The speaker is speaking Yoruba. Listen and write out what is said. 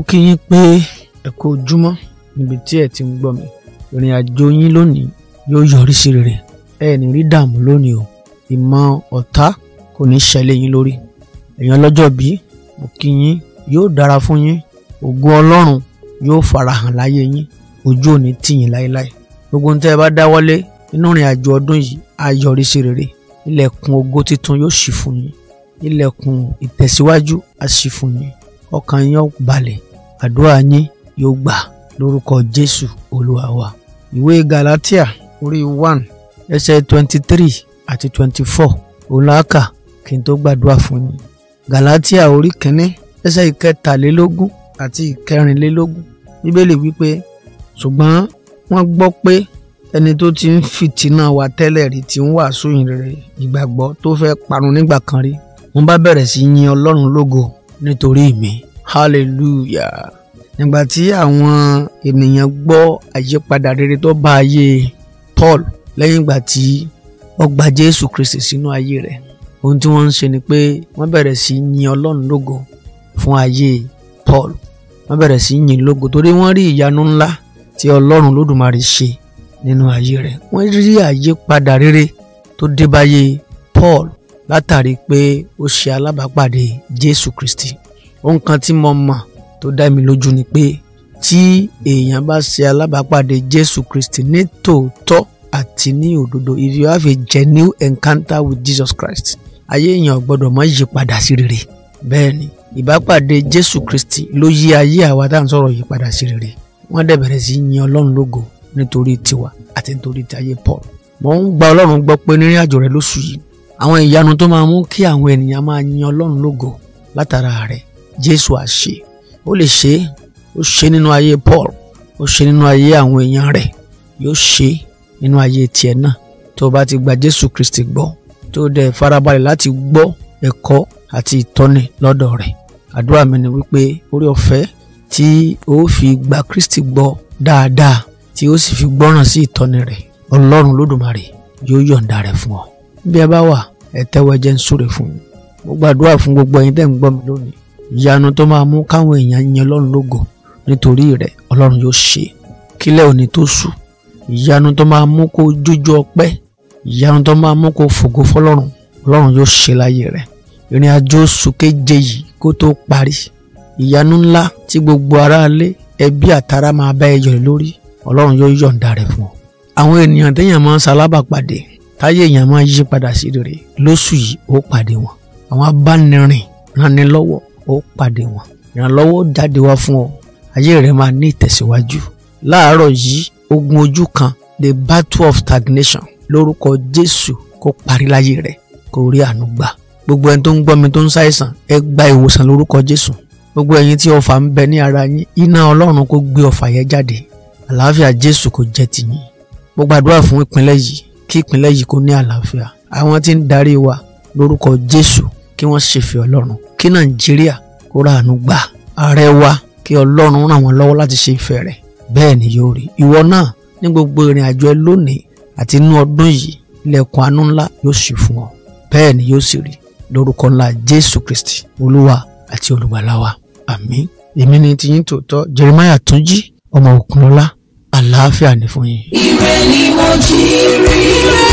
ó kí yín pé ẹ kú ojúmọ́ níbi tí ẹ ti ń gbọ́ mi ìrìn àjò yín lónìí yóò yọrí sí rere ẹ ní rí dààmú lónìí o ìmọ̀ ọ̀tá kò ní ṣẹlẹ̀ yín lórí èèyàn lọ́jọ́ bí mo kí yín yóò dára fún yín ògo Ọlọ́run yóò farahàn láyé yín ojú ò tì yín láéláé gbogbo ohun tẹ́ ẹ bá nínú ìrìn àjò ọdún yìí á yọrí sí rere ilẹ̀kùn ògo tuntun yóò ṣí fún yín ilẹ̀kùn ìtẹ̀síwájú á ṣí fún yín ọkàn yín ó balẹ̀ àdúrà yín yóò gbà lórúkọ jésù olúwa wa. ìwé galatia orí one ẹsẹ̀ twenty three àti twenty four òun la kà kí n tó gbàdúrà fún yín. galatia orí kínní ẹsẹ̀ ìkẹtàlélógún àti ìkẹrìnlélógún bíbélì wípé ṣùgbọ́n wọ́n gbọ́ pé ẹni tó ti ń fìtínà wa tẹ́lẹ̀ rí ti ń wàásù ìrere ìgbàgbọ́ tó fẹ́ parun nígbà kan rí wọ́n bá bẹ̀rẹ̀ sí yin ọlọ́run lógo nítorí mi hallelujah nígbà tí àwọn ènìyàn gbọ́ àyípadà rere tó bá ayé Paul lẹ́yìn ìgbà tí ó gba Jésù Kristi sínú ayé rẹ̀ ohun tí wọ́n ń ṣe ni pé wọ́n bẹ̀rẹ̀ sí í yin Ọlọ́run lógo fún ayé Paul wọ́n bẹ̀rẹ̀ sí í yin lógo torí wọ́n rí ìyanu ńlá tí Ọlọ́run lódùmarè ṣe nínú ayé rẹ̀ wọ́n rí àyípadà rere tó débáyé Paul látàrí pé ó ṣe alábàápàdé Jésù Kristi ohun kan tí mo mọ̀ tó dá mi lójú ni pé tí èèyàn bá ṣe alábàápàdé Jésù Kristi ní tòótọ́ àti ní òdodo if you have a genuine encounter with Jesus Christ ayé èèyàn gbọ́dọ̀ má yí padà sí rere bẹ́ẹ̀ ni ìbápàdé Jésù Kristi ló yí ayé àwa tá à ń sọ̀rọ̀ yí padà sí rere wọ́n dẹ̀ bẹ̀rẹ̀ sí yin Ọlọ́run lógo nítorí tiwa àti nítorí ti ayé Paul mo ń gba Ọlọ́run gbọ́ pé nírìn àjò rẹ lóṣù yìí àwọn ìyanu tó máa mú kí àwọn ènìyàn máa yin Ọlọ́run lógo látara rẹ Jésù àṣẹ ó lè ṣe é ó ṣe nínú ayé Paul ó ṣe nínú ayé àwọn èèyàn rẹ̀ yóò ṣe nínú ayé tiẹ̀ náà tó o bá ti gba Jésù Kristi gbọ́ tó o dẹ̀ farabalẹ̀ láti gbọ́ ẹ̀kọ́ àti ìtọ́ni lọ́dọ̀ rẹ̀ àdúrà mi ni wípé orí ọ̀fẹ́ tí o fi gba Kristi gbọ́ dáadáa tí o sì fi gbọ́ràn sí ìtọ́ni rẹ̀ Ọlọ́run Lódùmarè yóò yọ̀ǹda rẹ̀ fún ọ bí ẹ bá wà ẹ tẹ́wọ́ ẹ jẹ́ ń súre fún mi mo gbàdúrà fún gbogbo ẹ̀yin tẹ́ ń gbọ́ mi lónìí ìyanu tó máa mú káwọn èèyàn yìn ọlọ́run lógo nítorí rẹ̀ ọlọ́run yóò ṣe kílẹ̀ òní tó ṣú ìyanu tó máa mú kó jójó ọpẹ́ ìyanu tó máa mú kó fògo fọlọ́run ọlọ́run yóò ṣe láyé rẹ̀ ìrìn àjò oṣù keje yìí kó tó parí ìyanu ńlá tí gbogbo aráalé ẹbí àtàrà máa bá ẹ yọ̀ lórí ọlọ́run yóò yọ̀ǹda rẹ̀ fún ọ. àwọn ènìyàn téèyàn máa ń salábàpàdé táyé èèyàn máa yí padà sí rere lóṣù yìí ó pàdé wọn àwọn abánirìn ránilọ́wọ́ ó pàdé wọn ìrànlọ́wọ́ jáde wá fún ọ ayé rẹ máa ní ìtẹ̀síwájú láàárọ̀ yìí ogun ojú kan the battle of stagnation lórúkọ Jésù kó parí láyé rẹ kó rí àánú gbà gbogbo ẹni tó ń gbọ́ mi tó ń ṣàìsàn ẹ gba ìwòsàn lórúkọ Jésù gbogbo ẹ̀yin tí ọfà ń bẹ ní ara yín iná Ọlọ́run kó gbé ọfà yẹn jáde àlàáfíà Jésù kó jẹ́ tiyín mo gbàdúrà fún ìpínlẹ̀ yìí kí ìpínlẹ̀ yìí kó ní àlàáfíà àwọn tí ń darí wa lórúkọ Jésù kí wọ́n ṣèfẹ́ Ọlọ́run kí nàìjíríà kó ráàánú gbà ààrẹ wa kí ọlọ́run ràn wọ́n lọ́wọ́ láti ṣe ìfẹ́ rẹ̀ bẹ́ẹ̀ ni yóò rí ìwọ náà ní gbogbo ìrìn àjò ẹ lónìí àti inú ọdún yìí ilẹ̀kùn àánú ńlá yóò ṣí fún ọ bẹ́ẹ̀ ni yóò sì rí lórúkọ ńlá jésù kristi olúwa àti olùgbàlà wa èmi ni tiyín tòótọ́ jeremiah túnjí ọmọ òkunlọ́lá àlàáfíà ni fún yín. ire ni mo jí rí rẹ́.